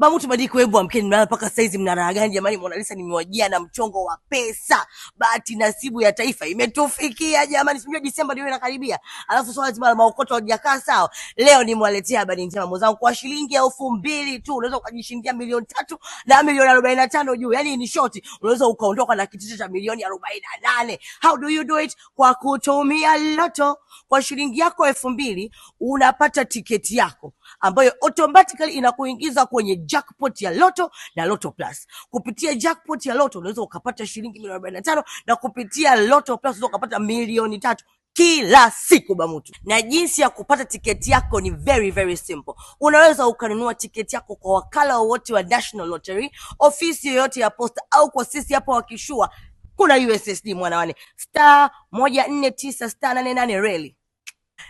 Babu, tubadilike. Hebu amkeni, mlala mpaka saizi, mna raha gani jamani? Mona Lisa nimewajia na mchongo wa pesa, bahati nasibu ya taifa imetufikia jamani, sijui Disemba ndio inakaribia, alafu swala zima la maokoto hajakaa sawa. Leo nimwaletea habari njema mwenzangu, kwa shilingi elfu mbili tu unaweza ukajishindia milioni tatu na milioni arobaini na tano juu, yani ni shoti, unaweza ukaondoka na kitito cha milioni arobaini na nane How do you do it? Kwa kutumia Loto, kwa shilingi yako elfu mbili unapata tiketi yako ambayo automatically inakuingiza kwenye jackpot ya Loto na Loto Plus. Kupitia jackpot ya Loto unaweza ukapata shilingi milioni arobaini na tano na kupitia Loto Plus unaweza ukapata milioni tatu kila siku Bamutu. Na jinsi ya kupata tiketi yako ni very very simple. Unaweza ukanunua tiketi yako kwa wakala wowote wa National Lottery, ofisi yoyote ya posta, au kwa sisi hapa wakishua kuna USSD mwanawane star moja nne tisa star nane nane reli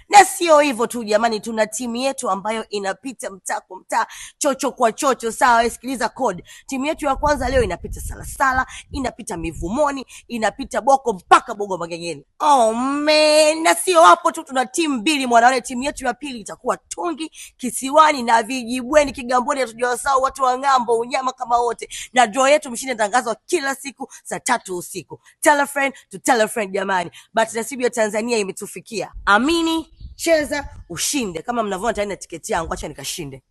na sio hivyo tu jamani, tuna timu yetu ambayo inapita mtaa kwa mtaa, chocho kwa chocho. Sawa, sikiliza code. Timu yetu ya kwanza leo inapita Salasala, inapita Mivumoni, inapita Boko mpaka Bogo magengeni Oh man, na sio hapo tu, tuna timu mbili mwanaone. Timu yetu ya pili itakuwa Tungi, Kisiwani na Vijibweni, Kigamboni. Hatujawasahau watu wa ng'ambo, unyama kama wote. Na draw yetu mshindi tangazwa kila siku saa tatu usiku. Tell a friend to tell a friend, jamani. but nasibu ya Tanzania imetufikia, amini cheza ushinde. Kama mnavyoona tayari na tiketi yangu, acha nikashinde.